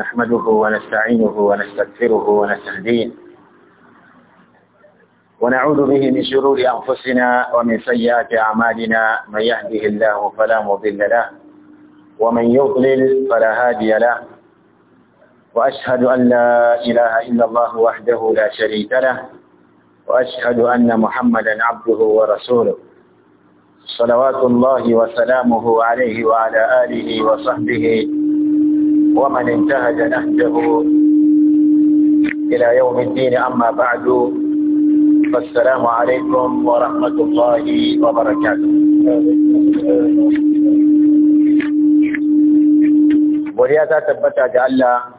نحمده ونستعينه ونستغفره ونستهديه ونعوذ به من شرور أنفسنا ومن سيئات أعمالنا من يهده الله فلا مضل له ومن يضلل فلا هادي له وأشهد أن لا إله إلا الله وحده لا شريك له وأشهد أن محمدا عبده ورسوله صلوات الله وسلامه عليه وعلى آله وصحبه ومن انتهج نهجه إلى يوم الدين أما بعد فالسلام عليكم ورحمة الله وبركاته godiya ta tabbata ga Allah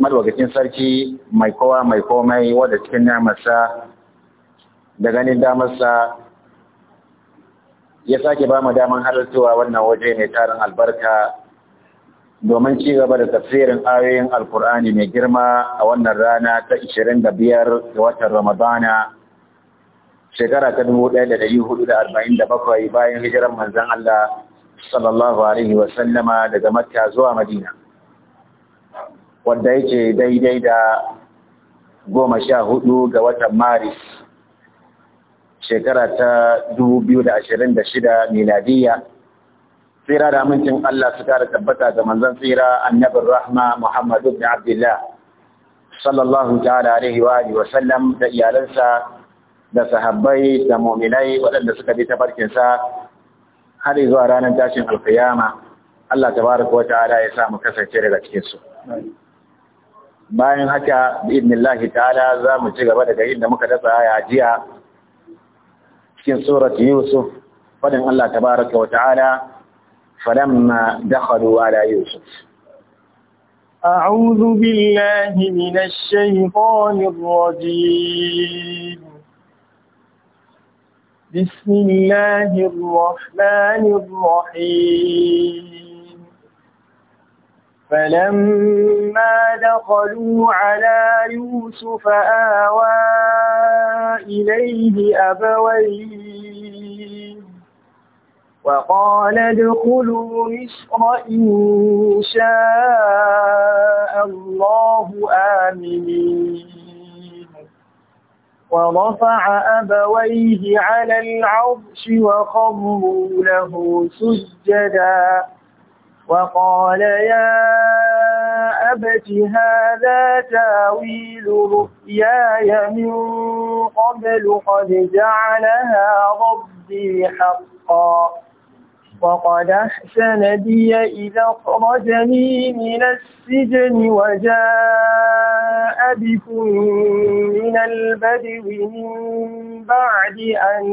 madawagacin sarki mai kowa mai komai wadda cikin namarsa da ganin damarsa ya sake ba mu daman halittowa wannan waje mai tarin albarka domin ci gaba da tafsirin ayoyin alkur'ani mai girma a wannan rana ta 25 ga watan ramadana shekara ta 1447 bayan hijirar manzan Allah sallallahu alaihi wasallama daga makka zuwa madina wanda yake daidai da goma sha ga watan maris shekara ta 2026 miladiyya tsira da amincin Allah su tabbata ga manzon tsira annabin rahma Muhammadu da Abdullah sallallahu ta'ala alaihi wa alihi wa sallam da iyalansa da sahabbai da mu'minai waɗanda suka bi tafarkin sa har zuwa ranar tashin alkiyama Allah tabaraka wa ta'ala ya sa mu kasance daga cikin su bayan haka bi'idnillahi ta'ala za mu ci gaba daga inda muka dasa aya jiya cikin surat Yusuf fadin Allah tabaraka wa ta'ala فلما دخلوا على يوسف أعوذ بالله من الشيطان الرجيم بسم الله الرحمن الرحيم فلما دخلوا على يوسف آوى إليه أبويه وقال ادخلوا مصر إن شاء الله آمنين ورفع أبويه على العرش وخروا له سجدا وقال يا أبت هذا تاويل رؤياي من قبل قد جعلها ربي حقا فقد أحسن بي إذا أخرجني من السجن وجاء بكم من البدو من بعد أن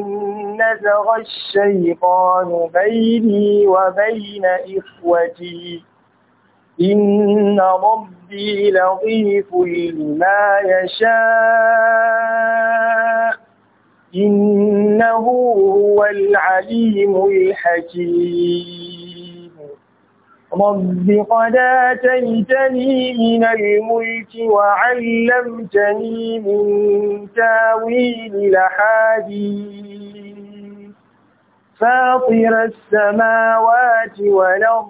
نزغ الشيطان بيني وبين إخوتي إن ربي لطيف لما يشاء إنه هو العليم الحكيم رب قد آتيتني من الملك وعلمتني من تاويل الأحاديث فاطر السماوات والأرض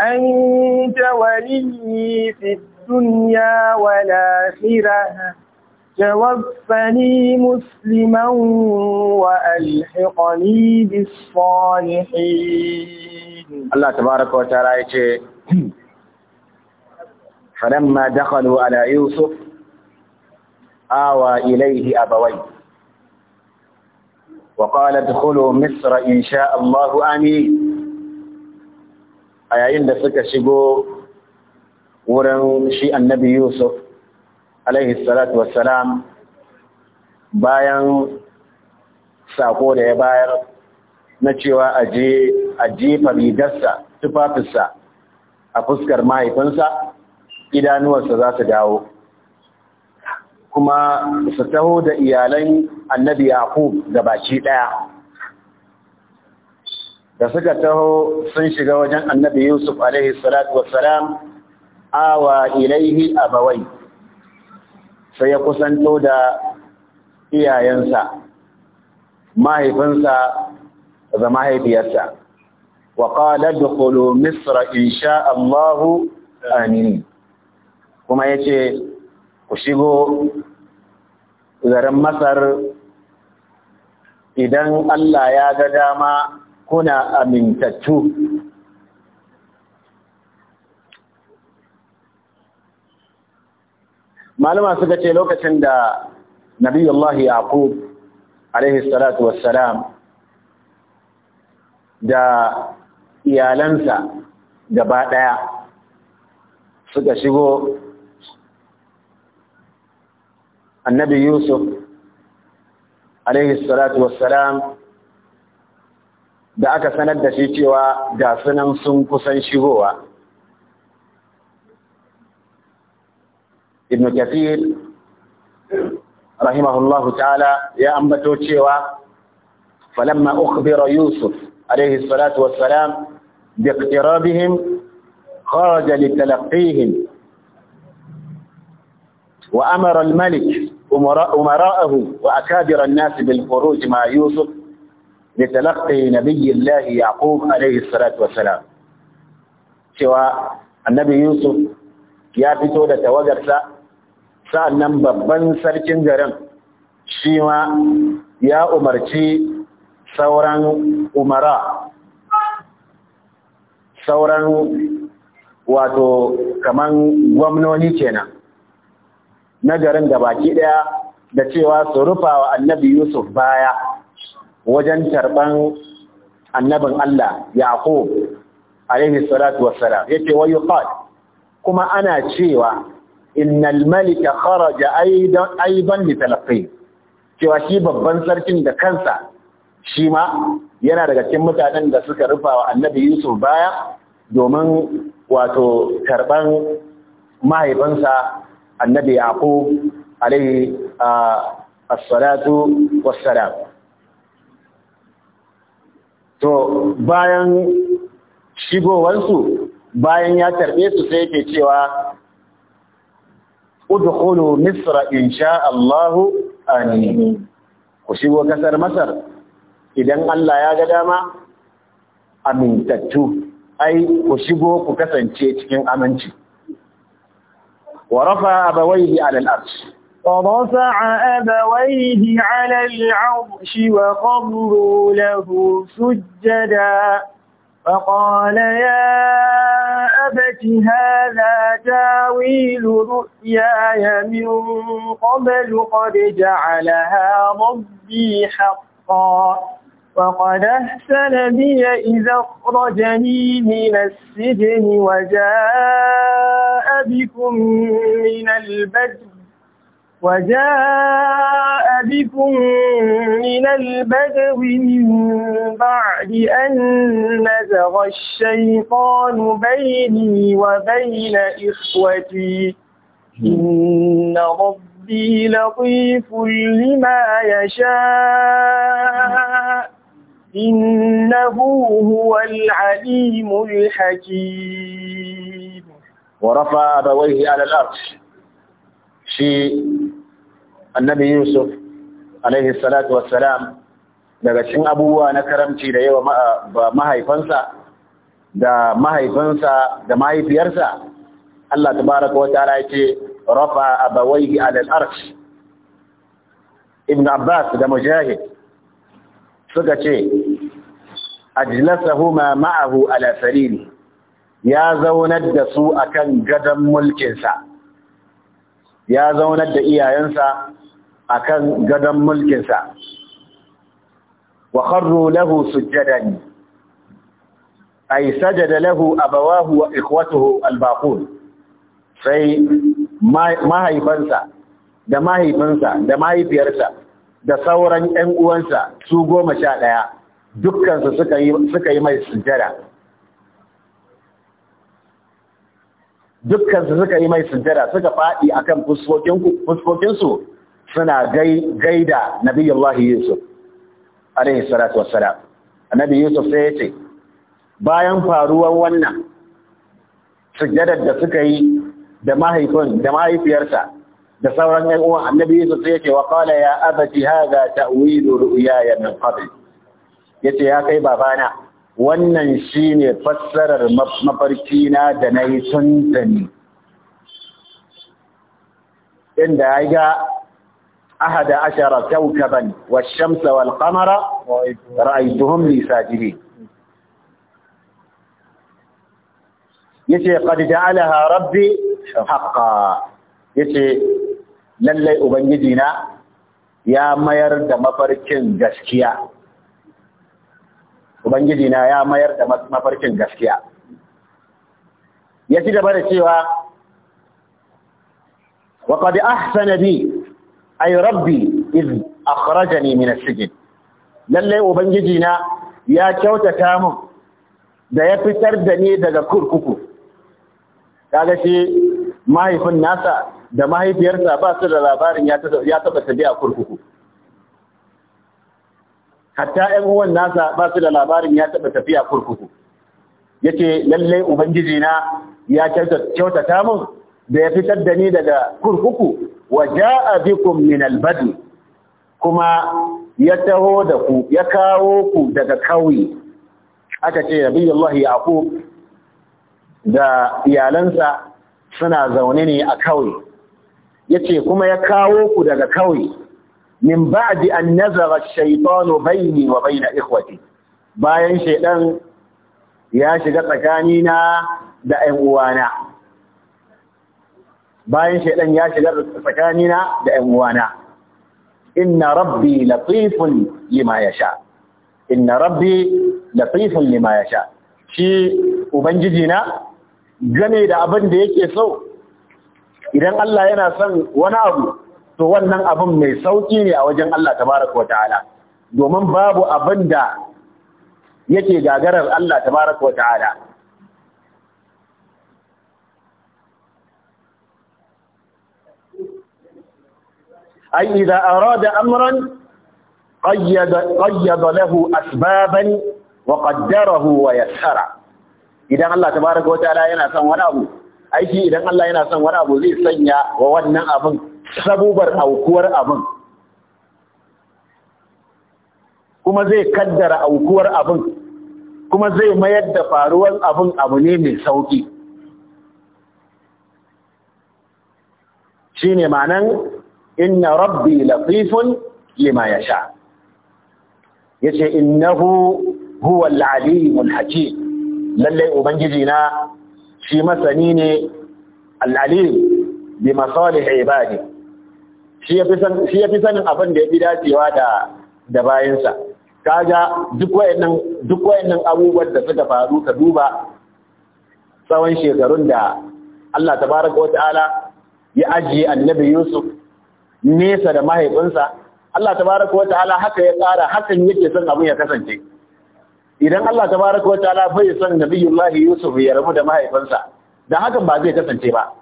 أنت ولي في الدنيا والآخرة توفني مسلما وألحقني بالصالحين الله تبارك وتعالى يقول فلما دخلوا على يوسف آوى إليه أبويه وقال ادخلوا مصر إن شاء الله آمين a yayin da suka shigo wurin shi annabi Yusuf alaihi salatu wassalam bayan sako da ya bayar na cewa je a jefa rigarsa tufafinsa a fuskar mahaifinsa idanuwarsa za su dawo kuma su taho da iyalan annabi yaqub da baki daya da suka taho sun shiga wajen annabi yusuf alaihi salatu wassalam awa ilaihi abawai sai ya kusanto da iyayensa mahaifinsa da mahaifiyarsa wa qala dukhulu misra insha Allah amin kuma yace ku shigo garin Masar idan Allah ya ga dama kuna amintattu malama suka ce lokacin da nabiyullahi yaqub alaihi salatu wassalam da iyalansa gaba daya suka shigo annabi yusuf alaihi salatu wassalam da aka sanar da shi cewa ga sunan sun kusan shigowa ابن كثير رحمه الله تعالى يا أمتو تشيوا فلما أخبر يوسف عليه الصلاة والسلام باقترابهم خرج لتلقيهم وأمر الملك أمراءه وأكابر الناس بالخروج مع يوسف لتلقي نبي الله يعقوب عليه الصلاة والسلام شوى النبي يوسف يابتو لتوجر سعى sa'annan babban sarkin garin shi ma ya umarci sauran umara sauran wato kaman gwamnoni kenan na garin da baki daya da cewa su rufa wa annabi Yusuf baya wajen tarban annabin Allah Yaqub alaihi salatu wassalam yake wayo kuma ana cewa innal malika kharaja aidan aidan li cewa shi babban sarkin da kansa shi ma yana daga cikin mutanen da suka rufa wa annabi Yusuf baya domin wato karban mahaifinsa annabi Yaqub alaihi as-salatu was-salam to bayan shigowarsu bayan ya tarbe su sai yake cewa udkhulu misra insha Allah amin ku shigo kasar masar idan Allah ya ga dama amintattu ai ku shigo ku kasance cikin aminci wa rafa abawaihi ala al ورفع أبويه على العرش وقروا له سجداً فقال يا أبت هذا تاويل رؤياي من قبل قد جعلها ربي حقا وقد أحسن بي إذا أخرجني من السجن وجاء بكم من البدو وجاء بكم من البدو من بعد أن نزغ الشيطان بيني وبين إخوتي إن ربي لطيف لما يشاء إنه هو العليم الحكيم ورفع أبويه على الأرض في annabi Yusuf alaihi salatu wassalam daga cikin abubuwa na karamci da yawa mahaifansa da mahaifinsa da mahaifiyarsa Allah tabaraka wa ta'ala yake rafa abawayhi ala al-arsh ibn Abbas da Mujahid suka ce ajlasahuma ma'ahu ala sariri ya zaunar da su akan gadon mulkinsa ya zaunar da iyayensa a kan gadon mulkinsa wa kharru lahu A ay da lahu abawahu wa ikwatu albakun, sai mahaifansa da mahaifinsa da mahaifiyarsa da sauran ‘yan’uwansa uwansa su goma sha ɗaya dukkansu suka yi mai sujada. dukkan su suka yi mai sujjada suka faɗi akan fuskokin su suna gaida nabiyullahi yusuf alaihi salatu wassalam annabi yusuf sai ya ce bayan faruwar wannan sujjadar da suka yi da mahaifin da mahaifiyarsa da sauran ƴan uwan annabi Yusuf sai yake wa qala ya abati hadha ta'wilu ya min qabl yace ya kai babana wannan shine fassarar mafarki na da nayi yi tun da ni inda ya ga ahada ashara kawkaban washamsa wal qamara ra'aytuhum li sajidin yace qad ja'alaha rabbi haqqan yace lalle ubangijina ya mayar da mafarkin gaskiya Ubangiji na ya mayar da mafarkin gaskiya. Ya ci gaba da cewa, وقد أحسن بي أي ربي ne أخرجني من السجن ubangiji وبنجينا يا كوتا كامو da ya fitar da ni daga kurkuku kaga shi mahaifin nasa da mahaifiyarsa ba su da labarin ya taba tabi a kurkuku hatta ‘yan uwan nasa ba su da labarin ya taɓa tafiya kurkuku ya ce lallai ubangiji na ya kyautata mun da ya fitar da ni daga kurkuku wa ja'a bikum min albadu kuma ya taho da ku ya kawo ku daga kauye aka ce rabiyullahi yaqub da iyalansa suna zaune ne a kauye yace kuma ya kawo ku daga kauye min ba'di an nazara ash-shaytanu bayni wa bayna ikhwati bayan shaydan ya shiga tsakani na da ƴan uwana bayan shaydan ya shiga tsakani na da ƴan uwana inna rabbi latifun lima yasha inna rabbi latifun lima yasha shi ubangiji na game da abin da yake so idan Allah yana son wani abu to wannan abin mai sauki ne a wajen Allah tabaraka wa ta'ala domin babu abinda yake gagarar Allah tabaraka wa ta'ala ai idan arada amran qayyada qayyada lahu asbaban wa qaddarahu wa yassara idan Allah tabaraka wa ta'ala yana son wani abu aiki idan Allah yana son wani abu zai sanya wa wannan abin sabubar aukuwar abin kuma zai kaddara aukuwar abin kuma zai mayar da faruwar abin abu ne mai sauki shine manan inna rabbi lafifun lima yasha yace innahu huwa al-alimul lallai lalle ubangiji na shi masani ne al’alim bi masalih ibadi shi ya fi sanin abin da ya fi dacewa da bayansa kaga duk wayannan duk wayannan abubuwan da suka faru ka duba tsawon shekarun da Allah tabaraka wataala ya ajiye annabi Yusuf nesa da mahaifinsa Allah tabaraka wataala haka ya tsara hakan yake son abin ya kasance idan Allah tabaraka wataala bai son nabiyullahi Yusuf ya rabu da mahaifinsa da hakan ba zai kasance ba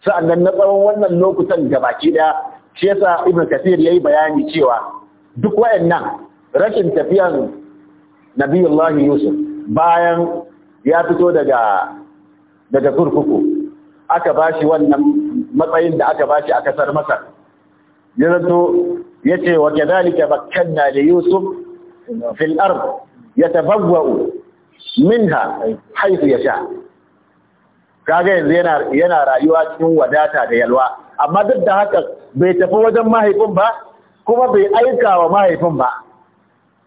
Sa'an nan na tsawon wannan lokutan da baki ɗaya. shi yasa ibn kasir yi bayani cewa duk wayannan rashin tafiyan nabiyullahi yusuf bayan ya fito daga daga kurkuku aka bashi wannan matsayin da aka bashi a kasar masar ya zato wa kadhalika bakkanna li yusuf fil ard yatabawwa minha haythu yasha kaga yanzu yana yana rayuwa cikin wadata da yalwa amma duk da haka bai tafi wajen mahaifin ba kuma bai aika wa mahaifin ba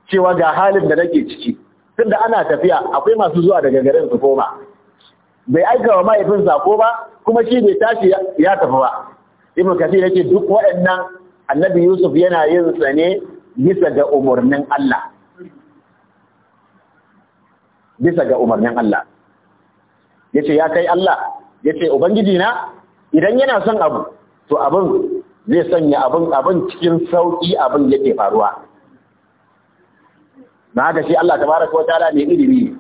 cewa ga halin da nake ciki tunda ana tafiya akwai masu zuwa daga garin su koma bai aika wa mahaifin sako ba kuma shi bai tashi ya tafi ba ibn kathir yake duk waɗannan annabi yusuf yana yin sa ne bisa ga umarnin Allah bisa ga umarnin Allah yace ya kai Allah yace ubangiji na idan yana son abu to abin zai sanya abin abin cikin sauki abin yake faruwa na haka shi Allah tabaraka wa ta'ala ne ilimi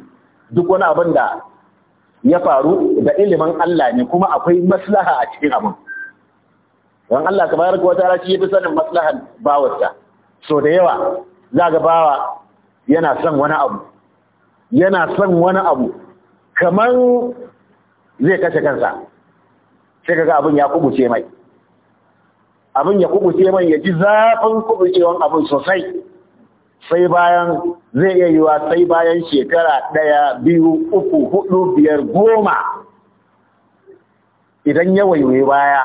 duk wani abin da ya faru da ilimin Allah ne kuma akwai maslaha a cikin abin don Allah tabaraka wa ta'ala shi ya sanin maslahan bawarsa so da yawa za ga bawa yana son wani abu yana son wani abu kamar zai kashe kansa sai kaga abin ya kubuce mai abin ya kubuce man ya ji zafin kubucewan abin sosai sai bayan zai iya yiwa sai bayan shekara ɗaya biyu uku hudu biyar goma idan ya waiwai baya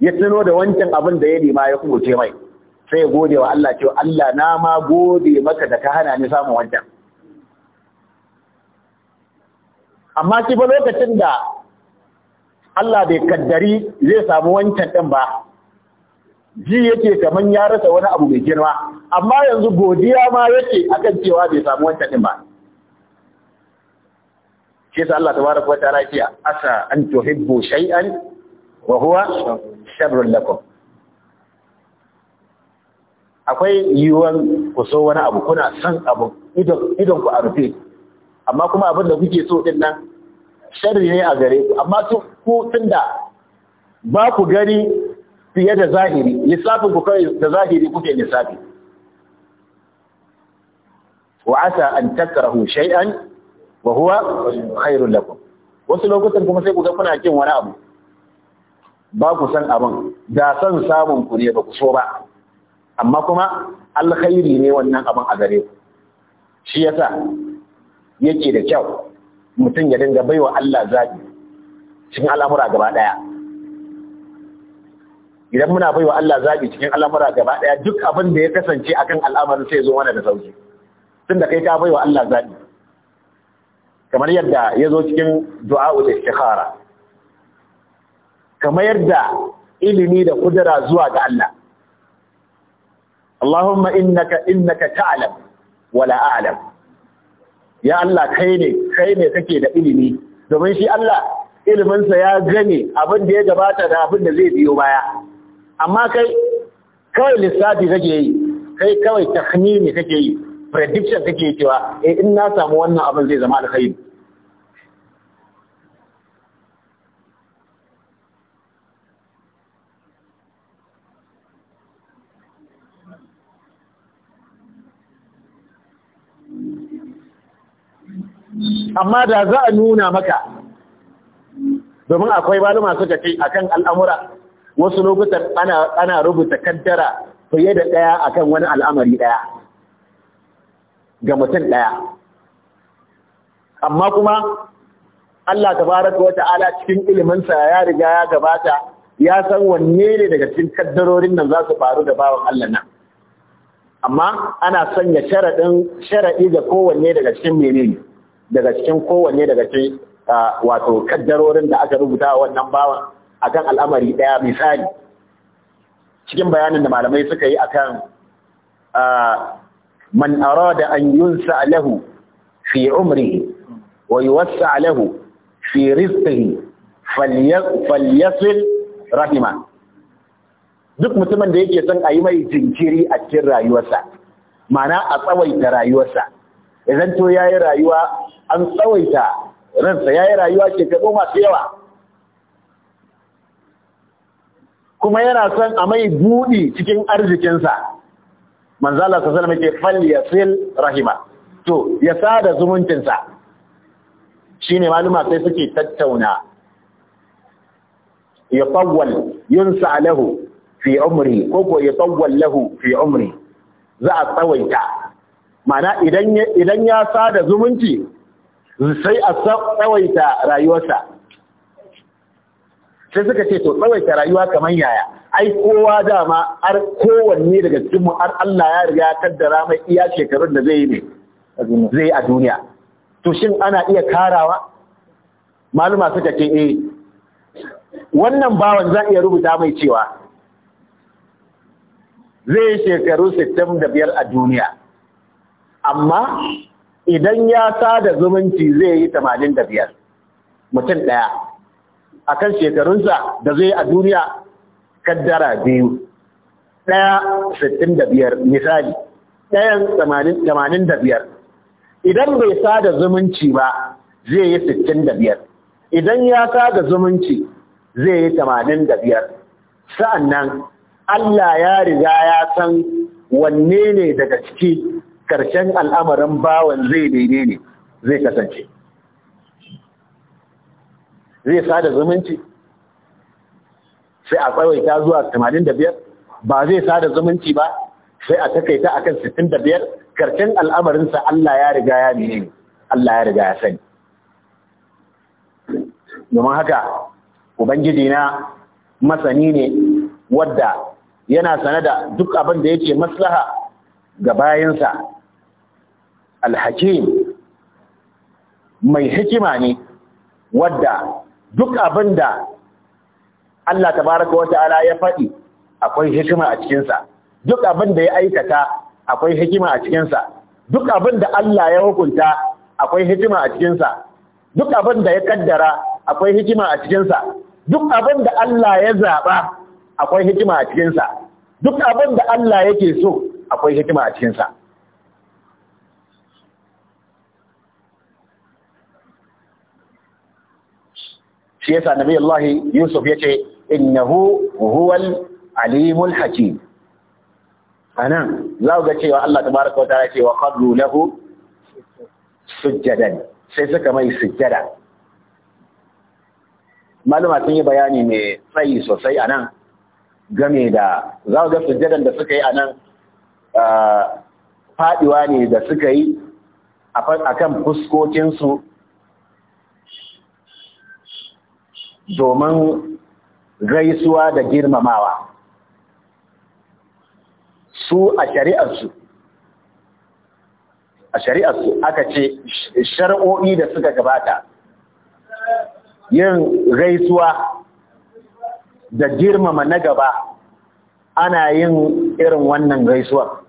ya tuno da wancan abin da ya nema ya kubuce mai sai ya gode wa Allah cewa Allah na ma gode maka da ka hana ni samun wancan amma ba lokacin da Allah bai kaddari zai samu wancan ɗin ba ji yake kamar ya rasa wani abu mai girma amma yanzu godiya ma yake akan cewa bai samu wancan din ba shi sa Allah tabaraka wa ta'ala ya asa an tuhibbu shay'an wa huwa sharrun lakum akwai yiwuwan ku so wani abu kuna son abu idon ku a rufe amma kuma abin da kuke so din nan sharri ne a gare ku amma ku tunda ba ku gani fiye da zahiri lissafin ku kai da zahiri kuke lissafi wa asa an takrahu shay'an wa huwa khairul lakum wasu lokutan kuma sai ku ga kuna kin wani abu ba ku san abin da san samun ku ne ba ku so ba amma kuma alkhairi ne wannan abin a gare ku shi yasa yake da kyau mutum ya dinga baiwa Allah zabi cikin al'amura gaba ɗaya. idan muna baiwa Allah zabi cikin al'amura gaba ɗaya, duk abin da ya kasance akan al'amarin sai zo mana da sauki tunda kai ka baiwa Allah zabi kamar yadda ya zo cikin du'a'ul istikhara kamar yadda ilimi da kudura zuwa ga Allah Allahumma innaka innaka ta'lam wala a'lam ya Allah kai ne kai ne kake da ilimi domin shi Allah ilminsa ya gane abin da ya gabata da abin da zai biyo baya amma kai kawai lissafi kake yi kai kawai tahmini kake yi prediction kake cewa eh in na samu wannan abin zai zama alkhairi amma da za a nuna maka domin akwai masu suka ce akan al'amura wasu lokutan ana rubuta kaddara fiye da ɗaya a kan wani al'amari ɗaya, ga mutum ɗaya. amma kuma Allah Ta baraka wa ta'ala cikin iliminsa ya riga ya gabata ya san wanne ne daga cikin kaddarorin nan za su faru da bawan Allah nan amma ana sanya sharadin sharaɗi ga kowanne daga cikin menene daga cikin kowanne daga cikin ah, wato kaddarorin da aka rubuta wannan bawan akan al'amari ɗaya misali cikin bayanin da malamai suka yi akan man arada an yunsa lahu fi umrihi wa yuwassa lahu fi rizqihi falyasil rahima duk mutumin da yake son a yi mai jinkiri a cikin rayuwarsa mana a tsawaita rayuwarsa idan to yayi rayuwa an tsawaita ransa yayi rayuwa shekaru masu yawa kuma yana son a mai buɗi cikin arzikinsa manzala sa salama ke fal sil rahima to ya sada zumuncinsa shine maluma sai suke tattauna ya tawwal yunsa lahu fi umri ko ko ya tawwal lahu fi umri za a tsawaita mana idan ya sada zumunci sai a tsawaita rayuwarsa sai suka ce to tsawaita rayuwa kamar yaya ai kowa dama har kowanne daga cikin mu har Allah ya riga kaddara mai iya shekarun da zai yi zai a duniya to shin ana iya karawa maluma suka ce eh wannan bawan za iya rubuta mai cewa zai shekaru 65 a duniya amma idan ya sada zumunci zai yi 85 mutum daya a kan shekarunsa da zai a duniya kaddara biyu ɗaya sittin da biyar misali ɗayan tamanin da biyar idan bai sada zumunci ba zai yi sittin da biyar idan ya sada zumunci zai yi tamanin da biyar sa'annan Allah ya riga ya san wanne ne daga ciki ƙarshen al'amarin bawan zai daidai ne zai kasance zai sada zumunci sai a ta zuwa 85 ba zai sada zumunci ba sai a takaita akan 65 karshen al'amarinsa Allah ya riga ya ne Allah ya riga ya sani domin haka ubangiji na masani ne wadda yana sane da duk abin da yake maslaha ga bayansa alhakim mai hikima ne wadda duk abin da Allah wata wata'ala ya faɗi akwai hikima a cikinsa duk abin da ya aikata akwai hikima a cikinsa duk abin da Allah ya hukunta akwai hikima a cikinsa duk abin da ya kaddara akwai hikima a cikinsa duk abin da Allah ya zaɓa akwai hikima a cikinsa duk abin da Allah yake so akwai hikima a cikinsa shi yasa nabi Allah Yusuf ce innahu huwal alimul hakim anan za ga cewa Allah tabaraka wa ta'ala cewa qadru lahu sujjadan sai suka mai sujjada maluma sun yi bayani mai tsayi sosai anan game da za ga sujjadan da suka yi anan faɗiwa ne da suka yi a kan fuskokinsu domin gaisuwa da girmamawa su a shari'arsu a shari'arsu aka ce shari'o'i da suka gabata yin gaisuwa da girmama na gaba ana yin irin wannan gaisuwar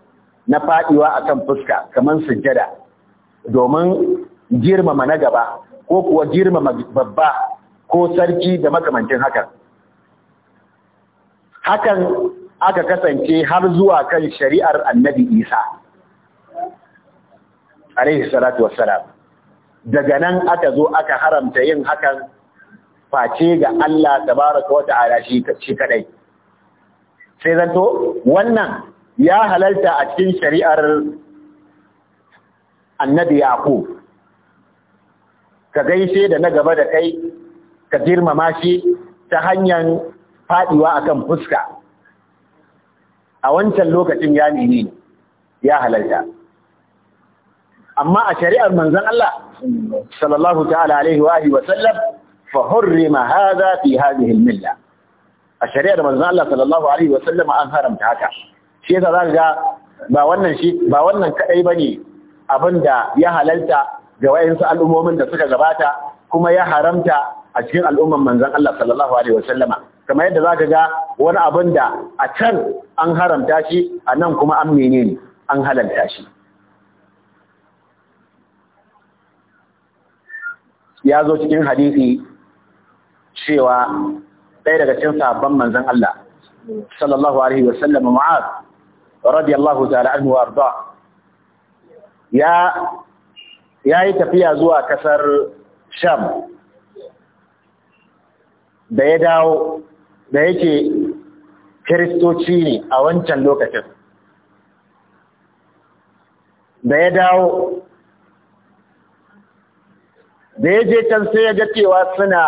na faɗiwa kan fuska kamar sujjada domin girmama na gaba ko kuwa girmama babba ko sarki da makamancin hakan hakan aka kasance har zuwa kan shari'ar annabi isa alaihi salatu wassalam daga nan aka zo aka haramta yin hakan face ga Allah tabaraka wa ta'ala shi kadai sai zanto wannan ya halalta a cikin shari'ar annabi yaqub ka gaishe da na gaba da kai ka girmama shi ta hanyar faɗiwa akan fuska a wancan lokacin ya nemi ya halarta amma a shari'ar manzan Allah sallallahu ta'ala alaihi wa’ahi wa sallam ma ha za fi haɗe hilmilla. a shari'ar manzan Allah sallallahu alaihi wa sallam an haramta haka shi yasa za ga ba wannan shi ba wannan abin da ya halalta ga su al'ummomin da suka gabata kuma ya haramta a cikin al'umman manzan Allah sallallahu alaihi wasallama kamar yadda za ka ga wani abin da a can an haramta shi a nan kuma an menene an halarta shi ya zo cikin hadisi cewa ɗaya daga cikin sabon manzan Allah sallallahu alaihi wasallama Mu'az radiyallahu ta'ala anhu warda ya yayi tafiya zuwa kasar sham da ya dawo da yake kiristoci ne a wancan lokacin da ya dawo da ya je can sai ya ga cewa suna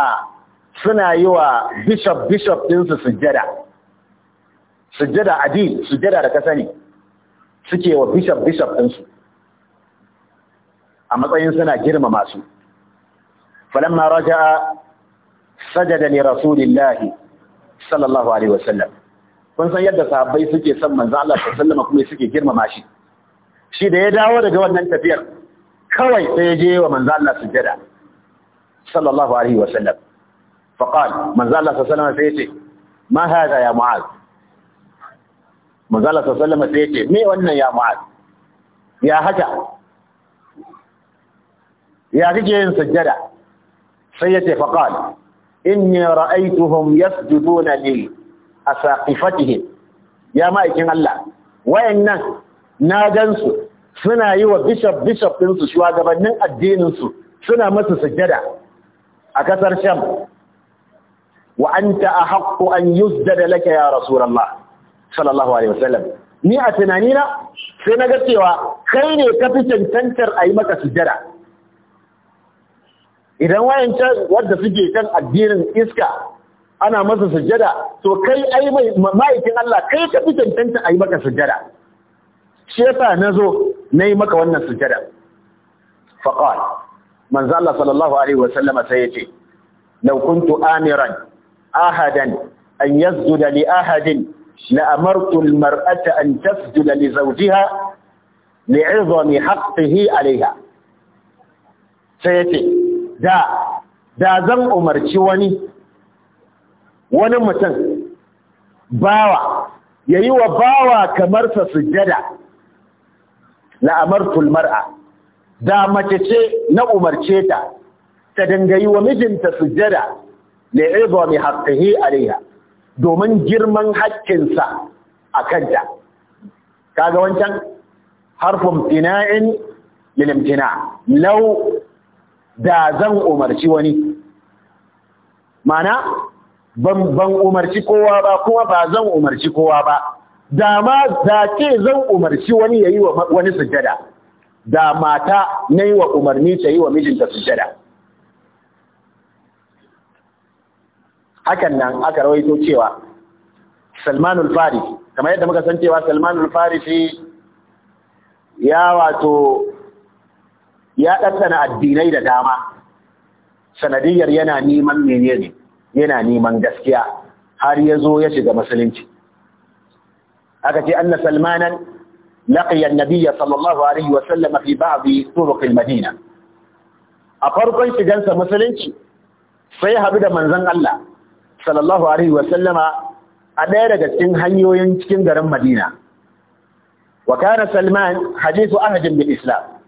suna yi wa bishop bishop ɗinsu sujjada sujjada adil sujjada da ka sani suke wa bishop bishop ɗinsu a matsayin suna girma masu. فلما رجع سجد لرسول الله صلى الله عليه وسلم kun san yadda sahabbai suke son manzo Allah sallallahu kuma suke girmama shi shi da ya dawo daga wannan tafiyar kawai sai ya je wa manzo Allah sujada sallallahu alaihi wasallam fa qala manzo Allah sallallahu alaihi wasallam sai ya ce ma hada ya mu'az manzo Allah sallallahu alaihi wasallam sai ya ce me wannan ya mu'az ya haka ya kike yin sujada sai yace faqal inni ra'aytuhum yasjuduna li asaqifatihim ya ma'aikin Allah wayannan na gansu suna yi wa bishop bishop ɗinsu shugabannin addininsu suna masu sujjada a ƙasar sham wa anta ahqqu an yusjada laka ya rasulullah sallallahu alaihi wasallam ni a tunanina sai na ga cewa kai ne ka fi cancantar a yi maka sujjada idan wayancan wadda suke kan addinin iska ana masa sujada to kai ai mai ma'aikin Allah kai ka fi tantance ai maka sujada shi yasa nazo nayi maka wannan sujada faqal manzo Allah sallallahu alaihi sallama sai yace law kuntu amiran ahadan an yasjuda li ahadin la amartu al mar'ata an tasjuda li zawjiha li'izami haqqihi alaiha sai yace da da zan umarci wani wani mutum bawa ya yi wa bawa kamar sa sujjada na amartul mar'a da mace ce na umarce ta ta dangayi wa mijinta sujjada mai mai a alaiha domin girman haƙƙinsa a kanta kaga wancan harfin tina'in lilimtina lau da zan umarci wani mana ban umarci kowa ba kuma ba zan umarci kowa ba da ma da ce zan umarci wani yayi wa wani sujada, da mata nayi wa umarni ta yi wa mijinta sujada. hakan nan aka rawaito cewa Salmanul Farisi kamar yadda muka san cewa Salmanul Farisi ya wato ya ɗanɗana addinai da dama sanadiyar yana neman menene yana neman gaskiya har ya zo ya shiga musulunci aka ce anna salmanan laqiya annabiyya sallallahu alaihi wa sallam fi ba'd turuq al-madina a farkon sa musulunci sai haɗu da manzon Allah sallallahu alaihi wa sallama a ɗaya daga cikin hanyoyin cikin garin Madina wa kana salman hadithu ahadin bil islam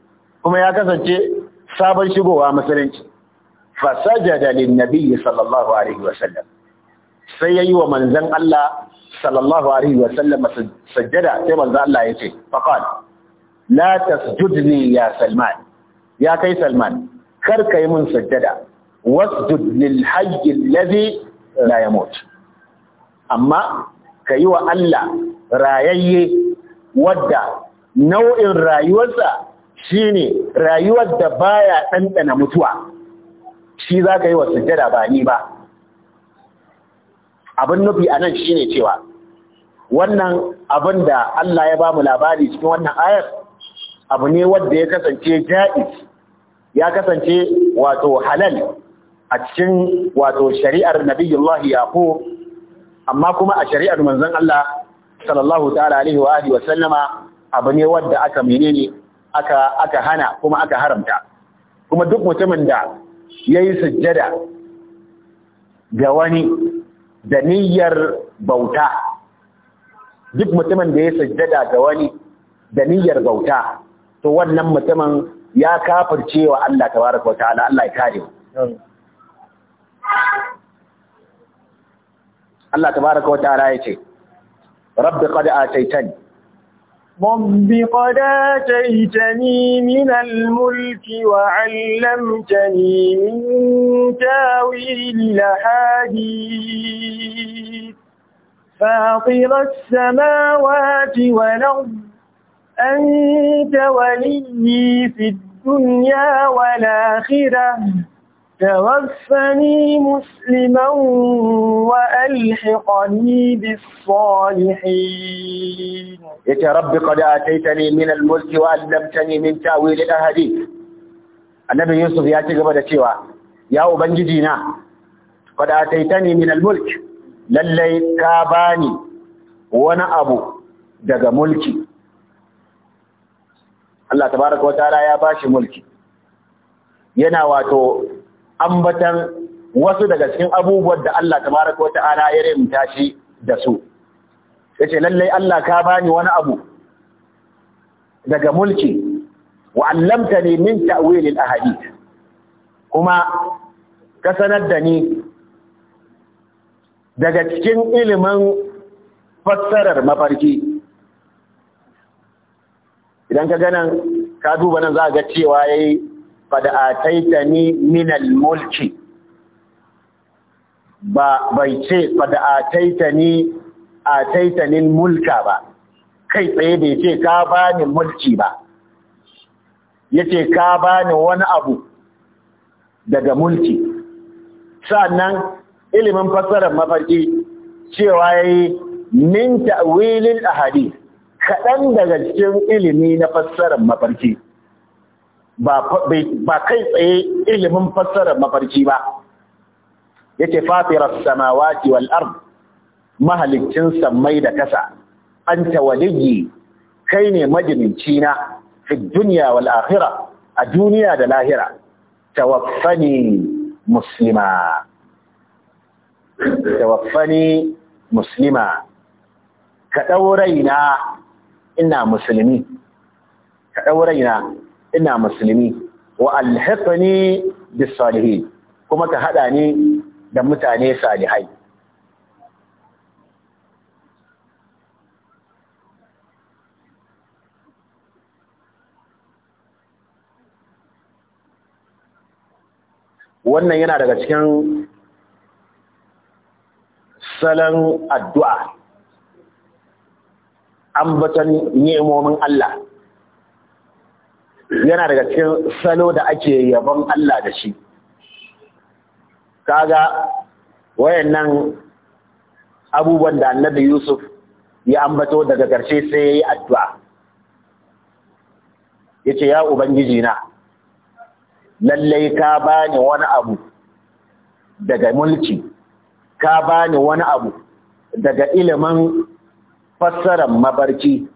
kuma ya kasance sabon shigowa musulunci fasajada lin nabiyyi sallallahu alaihi wasallam sai yayi wa manzon Allah sallallahu alaihi wasallam sajjada sai manzon Allah yace faqala la tasjudni ya salman ya kai salman kar kai mun sajjada wasjud lil hayy alladhi la yamut amma kayi wa Allah rayayye wadda nau'in rayuwarsa shine rayuwar da ba ya ɗanɗana mutuwa shi za ka yi wa sujjada ba ni ba abin nufi a nan shine cewa wannan abin da Allah ya ba mu labari cikin wannan ayar abu ne wadda ya kasance ja'iz ya kasance wato halal a cikin wato shari'ar nabiyullahi yaqub amma kuma a shari'ar manzon Allah sallallahu ta'ala alaihi wa wa sallama abu ne wadda aka menene aka aka hana kuma aka haramta kuma duk mutumin da yayi sujjada ga wani da niyyar bauta duk mutumin da yayi sujjada ga wani da niyyar bauta to wannan mutumin ya cewa Allah tabaraka wa ta'ala Allah ya kare Allah tabaraka wa ta'ala yace rabbi qad ataitani رب قد آتيتني من الملك وعلمتني من تاويل الأحاديث فاطر السماوات والأرض أنت ولي في الدنيا والآخرة توفني مسلما وألحقني بالصالحين يا رب قد آتيتني من الملك وعلمتني من تأويل الأحاديث النبي يوسف يا تجب da cewa ya ubangiji na qad ataitani min al-mulk lalle ka bani wani abu daga mulki Allah tabaaraka wa ya bashi mulki yana wato ambatan wasu daga cikin abubuwan da Allah tabaraka wata'ala ya rimta shi da su yace lallai Allah ka bani wani abu daga mulki wa allamtani min ta'wil al kuma ka sanar da ni daga cikin ilimin fassarar mafarki idan ka ganan ka duba nan za ga cewa yayi قد آتيتني من الملك mulki bai ce آتيتني ataitani ataitani mulka ba kai tsaye bai ce ka ni mulki ba yace ka ni wani abu daga mulki sannan ilimin fasarar mafarki cewa yayi min ta'wilil ahadith kaɗan daga cikin ilimi na fassarar mafarki ba kai tsaye ilimin fassarar mafarki ba yake fatirar samawati wal ard mahalicin sammai da kasa anta waliyyi kai ne majininci na fi dunya wal a duniya da lahira tawaffani muslima tawaffani muslima ka ina musulmi ka ina musulmi wa alhiqni bis salihin kuma ka hada ni da mutane salihai wannan yana daga cikin salon addu'a ambatan ni'imomin Allah yana daga cikin salo da ake yabon Allah da shi kaga wayannan abubuwan da annabi Yusuf ya ambato daga ƙarshe sai ya yi addu'a ya ce ya ubangiji na lallai ka bani wani abu daga mulki ka bani wani abu daga ilimin fassarar mabarki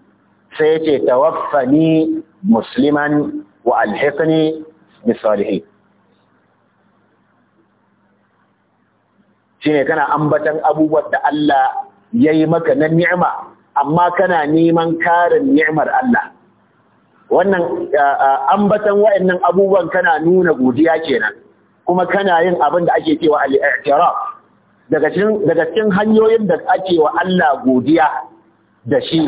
sai ya ce tawaffani مسلما وألحقني بالصالحين shine kana ambatan abubuwan da Allah ya yi maka na ni'ima amma kana neman karin ni'imar Allah wannan ambatan wa'annan abubuwan kana nuna godiya kenan kuma kana yin abin da ake cewa al-i'tiraf daga cikin hanyoyin da ake wa Allah godiya da shi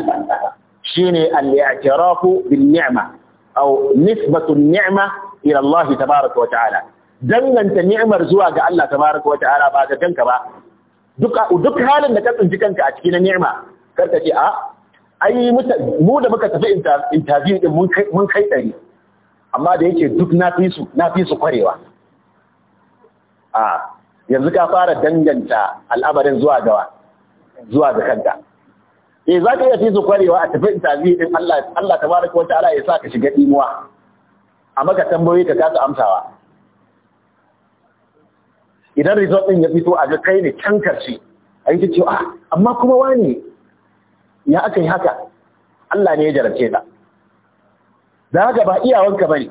shine al-i'tirafu bin ni'ma aw nisbatu ni'ma ila Allah tabaaraka wa ta'ala danganta ni'mar zuwa ga Allah tabaaraka wa ta'ala ba ga kanka ba duk duk halin da ka tsinci kanka a cikin ni'ma karka ce a ai mu da muka tafi interview din mun kai ɗari amma da yake duk na fi su na fi su kwarewa a yanzu ka fara danganta al'amarin zuwa gawa zuwa ga kanka eh za ka iya fi su kwarewa a tafi interview din Allah Ta tabaraka wa ta'ala ya sa ka shiga imuwa a maka tambayoyi ka kasa amsawa idan result din ya fito a ga kai ne can karshe a yi ta ah, amma kuma wani ya aka yi haka Allah ne ya jarabce ka Za ka ba iyawanka bane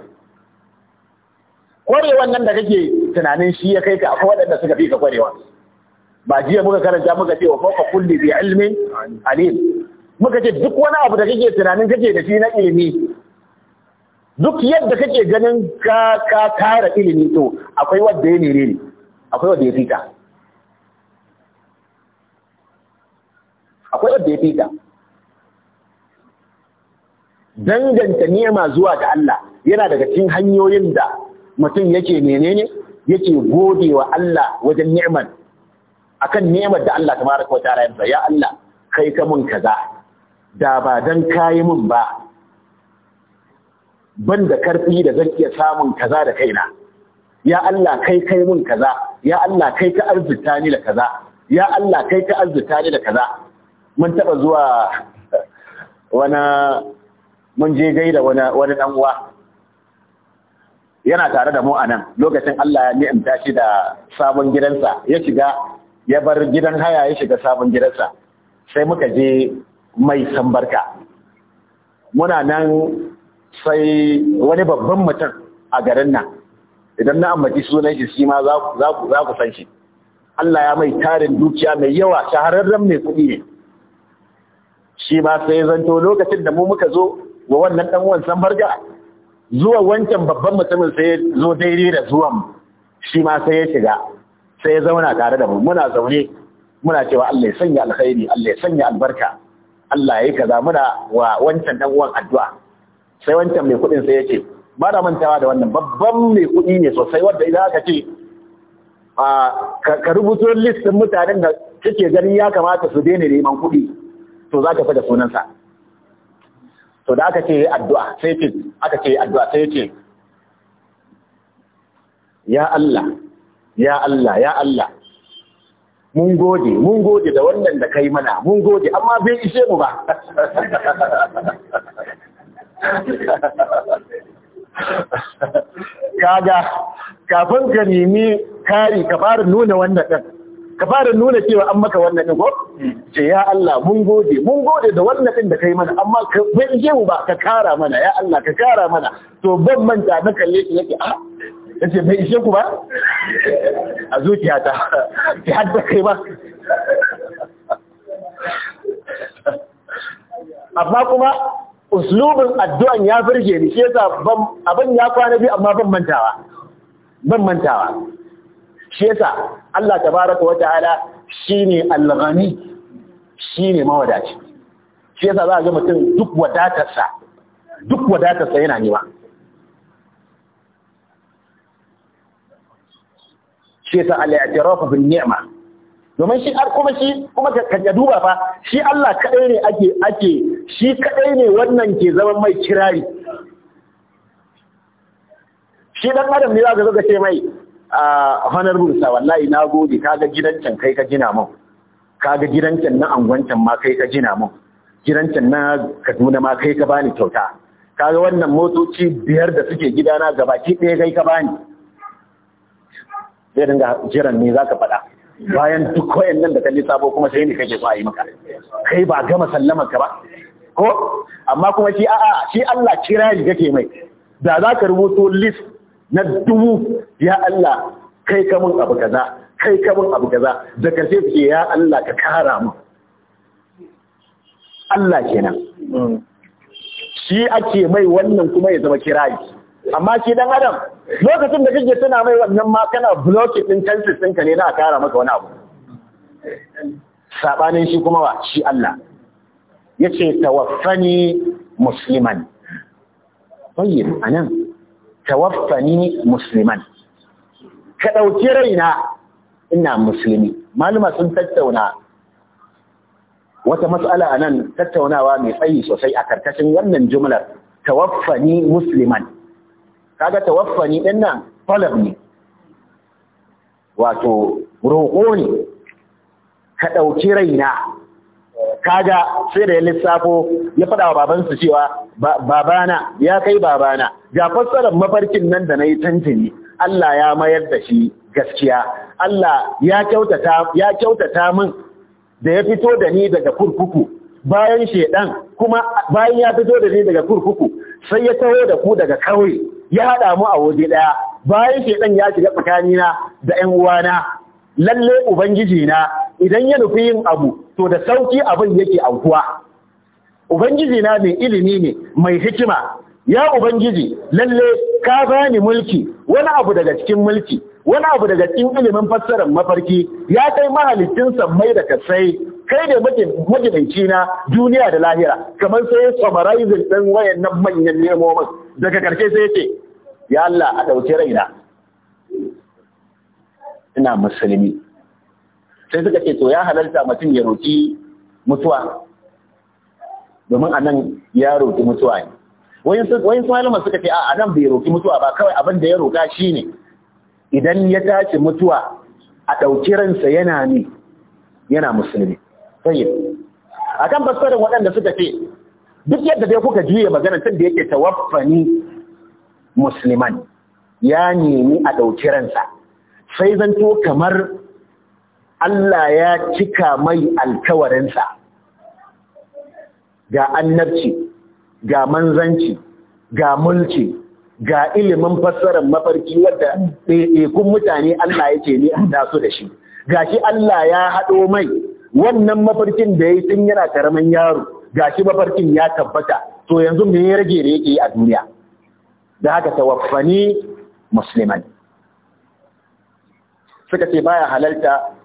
kwarewan nan da kake tunanin shi ya kai ka akwai waɗanda suka fi ka kwarewa ba jiya muka karanta muka ce wa fawqa kulli bi ilmin alim muka ce duk wani abu da kake tunanin kake da shi na ilimi duk yadda kake ganin ka ka tara ilimi to akwai wanda ya nere ne akwai wanda ya fita akwai wanda ya fita danganta nema zuwa ga Allah yana daga cikin hanyoyin da mutum yake menene yake gode wa Allah wajen ni'imar akan nemar da Allah tabaraka wa ta'ala ya ya Allah kai ka mun kaza da ba dan kai mun ba ban da karfi da zan iya samun kaza da kaina ya Allah kai kai mun kaza ya Allah kai ka arzuta ni da kaza ya Allah kai ka arzuta ni da kaza mun taba zuwa wani mun je gaida wani wani dan uwa yana tare da mu a nan lokacin Allah ya ni'imta shi da sabon gidansa ya shiga ya bar gidan haya ya shiga sabon gidansa sai muka je mai sambarka muna nan sai wani babban mutum a garin nan idan na ambaci sunan shi shi ma za ku san shi Allah ya mai tarin dukiya mai yawa shahararren mai kuɗi ne shi ma sai zanto lokacin da mu muka zo wa wannan dan uwan zuwa wancan babban mutumin sai zo daidai da zuwan shi ma sai ya shiga sai ya zauna tare da mu muna zaune muna cewa Allah ya sanya alkhairi Allah ya sanya albarka Allah yayi kaza muna wa wancan dan uwan addu'a sai wancan mai kuɗin sai ya ba da mantawa da wannan babban mai kuɗi ne sosai wanda idan aka ce ka rubuto listin mutanen da suke ganin ya kamata su daina neman kuɗi to za ka sunan sa sunansa to da aka ce addu'a sai yace aka ce addu'a sai ce ya Allah ya Allah ya Allah mun gode mun gode da wannan da kai mana mun gode amma bai ishe mu ba kaga kafin ka nemi kari ka fara nuna wannan ɗan. ka fara nuna cewa an maka wannan ɗin ko ce ya Allah mun gode mun gode da wannan ɗin da kai mana amma ka bai mu ba ka kara mana ya Allah ka kara mana to ban manta na kalle shi yake a ah! yace bai ishe ku ba a zuciyata ki hadda kai ba amma kuma uslubin addu'an ya birge ni shi yasa abin ya kwana biyu amma ban mantawa ban mantawa shi yasa Allah tabaraka wa ta'ala shine al-ghani shine mawadaci shi yasa za ga mutum duk wadatarsa duk wadatarsa yana niwa shi yasa al-i'tirafu bil ni'ma domin shi kuma shi kuma ka duba fa shi Allah kadai ne ake ake shi kadai ne wannan ke zaman mai kirari shi dan adam ne za ka zo ka ce mai a honorable sa wallahi na gode kaga gidan can kai ka gina mun kaga gidan can na angwancan ma kai ka gina mun gidan can na Kaduna ma kai ka bani kyauta kaga wannan motoci biyar da suke gidana gabaki ɗaya kai ka bani zai dinga jiran ne ka faɗa bayan duk nan da kalli sabo kuma sai ne kake so a yi maka kai ba gama sallamar ka ba ko amma kuma shi a'a shi Allah kirari kake mai da za ka rubuto list na dubu ya Allah kai ka abu kaza kai ka abu kaza da karshe ce ya Allah ka kara mu Allah kenan shi ake mai wannan kuma ya zama kirayi amma shi dan adam lokacin da kake tana mai wannan ma kana blocking din chances ɗinka ne na kara maka wani abu sabanin shi kuma wa shi Allah yace tawaffani musliman tayyib anan tawaffani musliman ka ɗauki raina ina musulmi maluma sun tattauna wata matsala a nan tattaunawa mai tsayi sosai a karkashin wannan jumlar tawaffani musliman kaga tawaffani ɗin nan talab ne wato roƙo ne ka ɗauki raina kaga sai da ya lissafo ya faɗa wa babansu cewa babana ya kai babana ga fassarar mafarkin nan da na yi tantini Allah ya mayar da shi gaskiya Allah ya kyautata min da ya fito da ni daga kurkuku bayan shedan kuma bayan ya fito da ni daga kurkuku sai ya taho da ku daga kauye ya haɗa mu a waje ɗaya bayan shedan ya shiga tsakanina da 'yan uwana lalle ubangiji na idan ya nufi yin abu to da sauki abin yake aukuwa ubangiji na mai ilimi ne mai hikima ya ubangiji lalle ka bani mulki wani abu daga cikin mulki wani abu daga cikin ilimin fassarar mafarki ya kai mahalicin sammai da kasai kai da majinaici na duniya da lahira kamar sai ya summarizing wayan wayannan manyan nemomin daga karshe sai ya ce ya Allah a ɗauki raina suna musulmi sai suka ce to ya halarta mutum ya roƙi mutuwa domin a nan ya roƙi mutuwa ne wayan su malaman suka ce a nan bai roƙi mutuwa ba kawai abin da ya roƙa shi ne idan ya tashi mutuwa a ɗauki ransa yana ne yana musulmi sai a kan fasfarin waɗanda suka ce duk yadda dai kuka juya magana tun da yake tawaffani musulman ya nemi a ɗauki ransa sai zanto kamar Allah ya cika mai alkawarinsa ga annabci ga manzanci ga mulki ga ilimin fassarar mafarki wadda ɗaiɗaikun mutane Allah ya ce ni a dasu da shi Ga shi Allah ya haɗo mai wannan mafarkin da ya yi tun yana karamin yaro ga shi mafarkin ya tabbata to yanzu me ya rage da yake yi a duniya da haka tawaffani musulmani suka ce baya halalta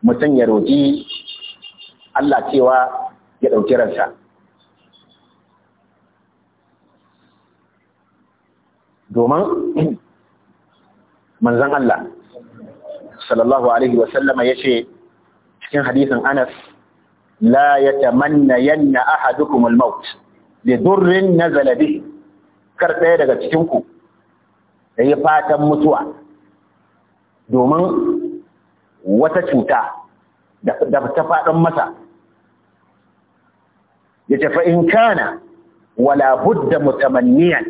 mutum ya roƙi Allah cewa ya ɗauki ransa domin manzan Allah sallallahu alaihi wasallama ya ce cikin hadisin Anas la ya tamanna yanna ahadukum al-maut da durrin na zalabi, kar ɗaya daga cikinku. da ya fatan mutuwa domin wata cuta da ta faɗin masa ya tafi in kana wala budda mutamanniyan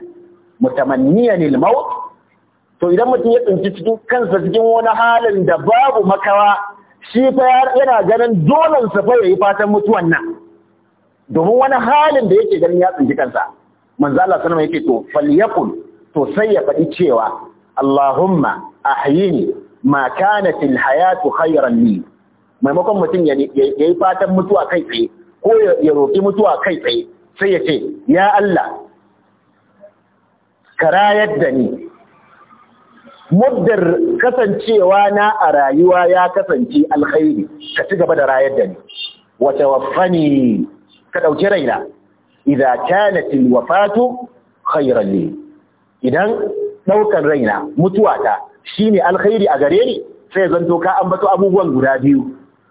mutamanniyan ilmaut to idan mutum ya tsinci cikin kansa cikin wani halin da babu makawa shi fa yana ganin dolan sa fa yayi fatan mutuwan nan domin wani halin da yake ganin ya tsinci kansa manzo Allah sanama yake to falyakun to sai ya faɗi cewa Allahumma ahyini ma hayatu khayran li maimakon mutum ya yi fatan mutuwa kai tsaye ko ya roƙi mutuwa kai tsaye sai ya ce ya Allah ka da ni muddar kasancewa na a rayuwa ya kasance alkhairi ka ci gaba da rayar da ni wa tawaffani ka dauki raina idza kanat alwafatu khayran li idan daukan raina mutuwa ta shine alkhairi a gare ni sai zanto ka ambato abubuwan guda biyu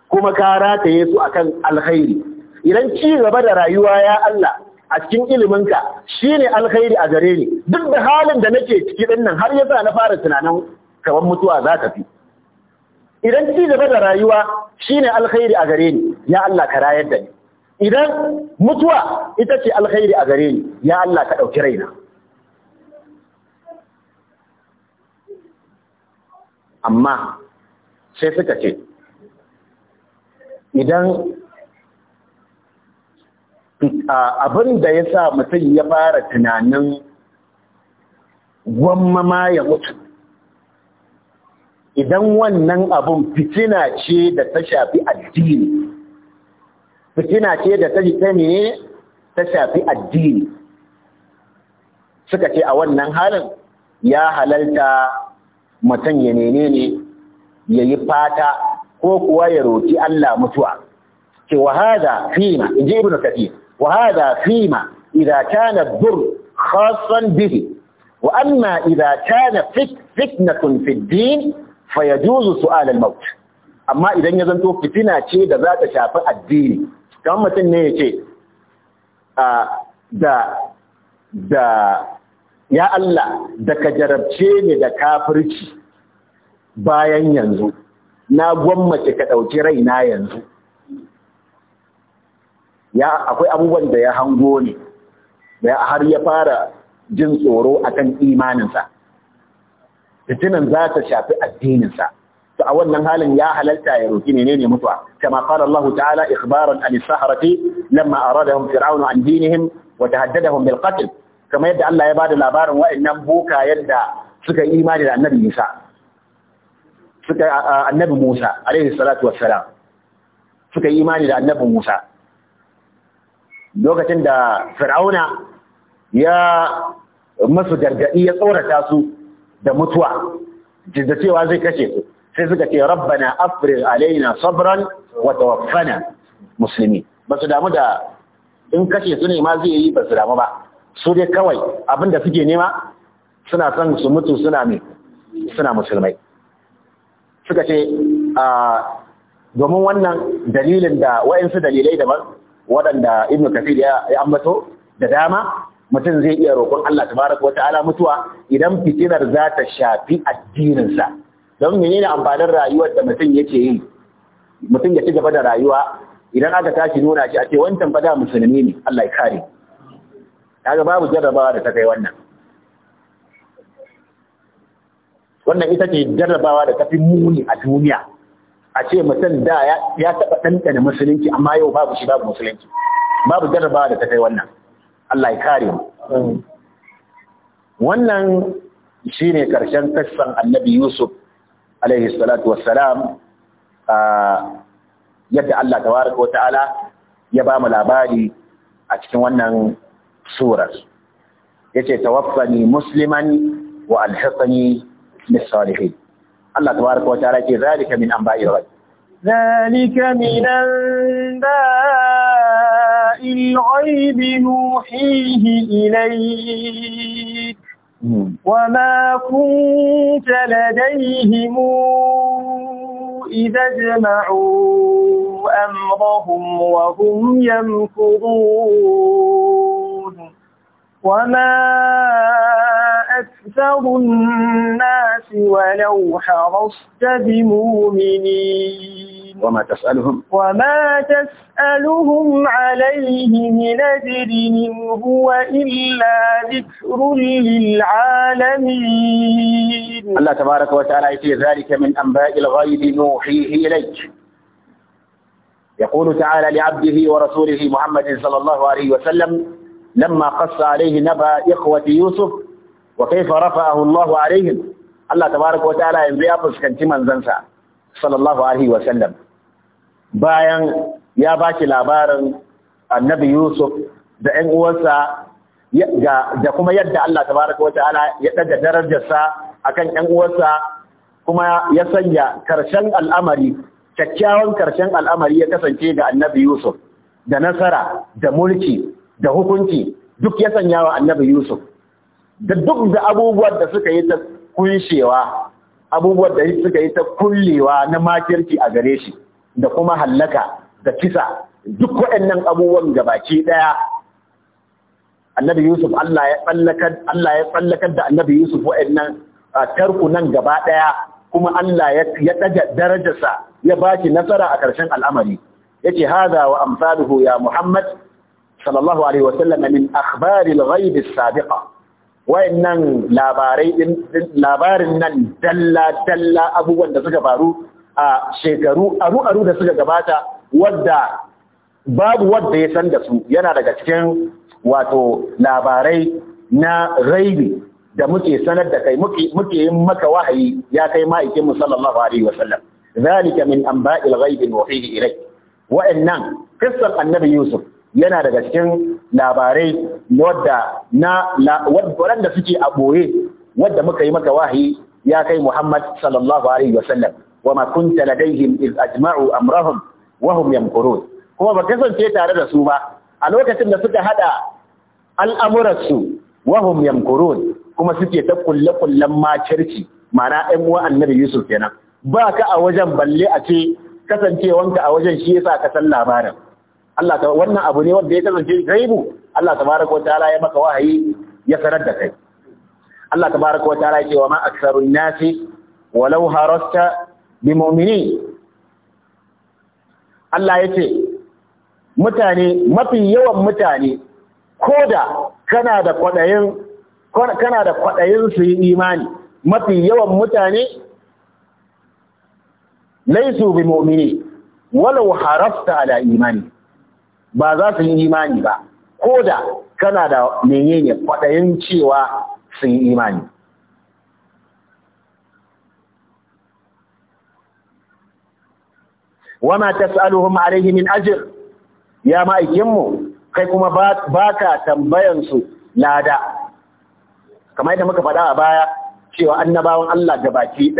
kuma ka rataye su akan alkhairi idan ci gaba da rayuwa ya Allah a cikin iliminka shine alkhairi a gare ni duk da halin da nake ciki ɗin nan har yasa na fara tunanin kaman mutuwa za ta fi idan ci gaba da rayuwa shine alkhairi a gare ni ya Allah ka rayar da ni idan mutuwa ita ce alkhairi a gare ni ya Allah ka ɗauki raina amma sai suka ce idan abin da ya sa mutum ya fara tunanin gwamma ya mutu idan wannan abin fitina ce da ta shafi addini fitina ce da ta jita ne ta shafi addini suka ce a wannan halin ya halalta mutum ya nene ne ya yi fata ko kuwa ya roki Allah mutuwa ce wa hada fima inji ibnu kathir wa hada fima idza kana dur khassan bihi wa amma idza kana fitnatun fi din fa yajuzu su'al al-maut amma idan ya zanto fitina ce da za ta shafi addini kamar mutun ne yace ce da da ya Allah da ka jarabce ni da kafirci bayan yanzu na gwammace ka ɗauki raina yanzu ya akwai abubuwan da ya hango ne da har ya fara jin tsoro akan imaninsa fitinan za ta shafi addininsa to a wannan halin ya halalta ya roki ne mutuwa kama qala Allah ta'ala ikhbaran an as-sahrati lamma aradahum fir'aun an dinihim wa tahaddadahum bil qatl kamar yadda Allah ya ba da labarin waɗannan boka yadda suka yi imani da annabi Musa, suka annabi Musa alaihi salatu wassalam suka yi imani da annabi Musa lokacin da Fir'auna ya masu gargadi ya tsorata su da mutuwa da cewa zai kashe su sai suka ce rabbana afirin alaina sabran wa wafana, musulmi ba su damu da in kashe su ne ma zai yi ba su damu ba su dai kawai abinda suke nema suna son su mutu suna ne suna musulmai suka ce ah, domin wannan dalilin da wa'insu dalilai daban waɗanda ibnu kafir ya ambato da dama mutum zai iya roƙon Allah tabaraka wata'ala mutuwa idan fitinar za ta shafi addininsa don menene amfanin rayuwar da mutum yake yi mutum ya ci gaba da rayuwa idan aka tashi nuna shi a ce wancan fa da musulmi ne Allah ya kare kaga babu jarrabawa da ta kai wannan wannan ita ce jarrabawa da tafi muni a duniya a ce mutum da ya taɓa ɗanɗana musulunci amma yau babu shi babu musulunci babu jarrabawa da ta kai wannan Allah ya kare mu wannan shine karshen kassan annabi Yusuf alaihi salatu wassalam yadda Allah tabaraka wa ta'ala ya ba mu labari a cikin wannan surar yace tawaffani musliman wa alhiqni bis salihin Allah tabaraka wa ta'ala ce zalika min anba'ir ghaib zalika min anba'il ghaib nuhihi ilayk وما كنت لديهم إذا اجمعوا أمرهم وهم يمكرون وما أكثر الناس ولو حرصت بمؤمنين وما تسألهم وما تسألهم عليه من أجر هو إلا ذكر للعالمين الله تبارك وتعالى في ذلك من أنباء الغيب نوحيه إليك يقول تعالى لعبده ورسوله محمد صلى الله عليه وسلم لما قص عليه نبأ إخوة يوسف وكيف رفعه الله عليهم الله تبارك وتعالى ينزي أبس كنتما زنسا صلى الله عليه وسلم باين يا باكي labarin Annabi Yusuf da ‘yan uwansa da kuma yadda Allah wa ta'ala ya ɗaga darajarsa akan ‘yan uwansa kuma ya sanya ƙarshen al'amari kyakkyawan karshen al'amari ya kasance ga annabi Yusuf da nasara da mulki da hukunci duk ya sanya wa annabi Yusuf da duk da abubuwan da suka yi ta kunshewa abubuwan da suka yi ta kullewa na makirki a gare shi da kuma hallaka da kisa duk waɗannan abubuwan ga baki ɗaya annabi Yusuf Allah ya tsallakar da annabi Yusuf waɗannan tarku nan gaba ɗaya kuma Allah ya ɗaga darajarsa ya ba nasara a ƙarshen al'amari yace haza wa amsaluhu ya Muhammad sallallahu alaihi wasallam min akhbaril ghaib as-sabiqa wayannan labarai labarin nan dalla dalla abubuwan da suka faru a shekaru aru aru da suka gabata wadda babu wadda ya san da su yana daga cikin wato labarai na ghaibi da muke sanar da kai muke yin maka wahayi ya kai ma'aikin mu sallallahu alaihi zalika min anba'il ghaibi nuhihi ilayk wa'annan qissar annabi yusuf yana daga cikin labarai wadda waɗanda suke a ɓoye wadda muka yi maka wahayi ya kai Muhammad sallallahu alaihi wasallam wa ma kunta ladaihim iz ajma'u amrahum wa hum yamkurun kuma ba kasance tare da su ba a lokacin da suka hada al'amuransu wa hum yamkurun kuma suke ta kulle-kullen makirci mana ɗan uwa annabi Yusuf kenan ba ka a wajen balle a ce kasancewanka a wajen shi yasa ka san labarin Allah ta wannan abu ne wanda ya kasance gaibu Allah tabaraka wa ta'ala ya maka wahayi ya sanar da kai Allah tabaraka wa ta'ala ya ce wa ma aktharun nasi walau harasta bi mu'minin Allah ya ce mutane mafi yawan mutane koda kana da kwadayin kana da kwadayin su yi imani mafi yawan mutane laisu bi mu'minin walau harasta ala imani ba za su yi imani ba ko da kana da menene kwaɗayin cewa su yi imani wama tas'aluhum alayhi min ajr ya ma'aikinmu kai kuma baka ka tambayansu lada kamar yadda muka faɗa a baya cewa annabawan Allah gabaki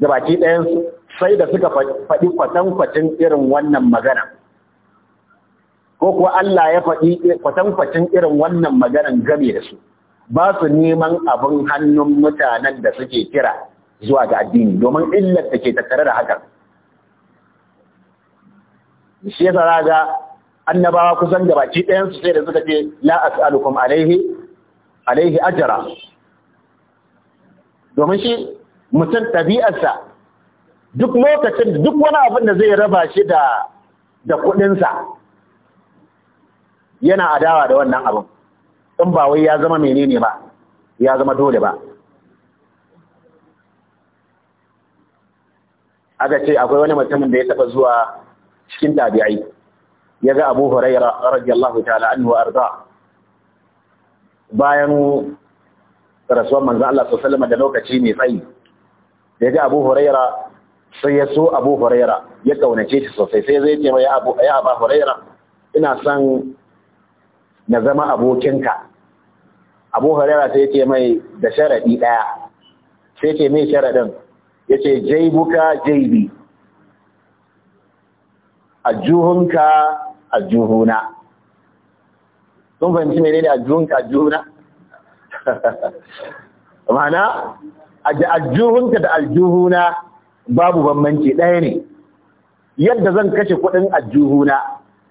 baki ɗayansu, sai da suka faɗi kwatankwacin irin wannan magana ko kuwa Allah ya faɗi kwatankwacin irin wannan maganan game da su ba su neman abin hannun mutanen da suke kira zuwa ga addini domin illar da ke tattare da hakan shi yasa ga annabawa kusan gabaci baki ɗayansu sai da suka ce la as'alukum alaihi alaihi ajra domin shi mutum ɗabi'arsa duk lokacin duk wani abin da zai raba shi da da kuɗinsa yana adawa da wannan abin in ba wai ya zama menene ba ya zama dole ba aka ce akwai wani mutumin da ya taba zuwa cikin tabi'ai ya ga Abu Huraira radiyallahu ta'ala anhu arda bayan rasuwar manzon Allah sallallahu da lokaci mai tsayi da ya ga Abu Huraira sai ya so Abu Huraira ya kaunace shi sosai sai zai ce ya Abu ya Abu Huraira ina son na zama abokinka abu hurera sai ce mai da sharaɗi ɗaya sai ce mai sharaɗin ya ce jaibuka jaibi a juhuna. sun fahimci mene ne a juhuna mana juhunka da aljuhuna babu bambanci ɗaya ne yadda zan kashe kuɗin aljuhuna,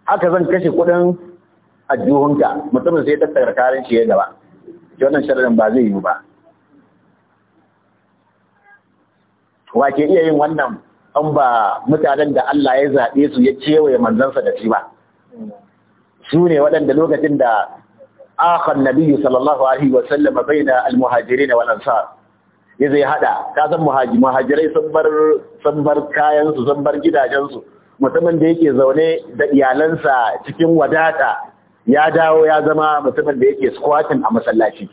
haka zan kashe kuɗin ajuhunka mutumin sai tattara kayan shi ya gaba shi wannan sharadin ba zai yi ba wa ke iya yin wannan an ba mutanen da Allah ya zaɓe su ya cewaye manzansa da shi ba su ne waɗanda lokacin da akhan nabiyu sallallahu alaihi wa sallam baina na almuhajiri na ansar ya zai haɗa, ta san muhajirai sun bar kayansu sun bar gidajensu, mutumin da yake zaune da iyalansa cikin wadata ya dawo ya zama mutumin da yake squatin a masallaci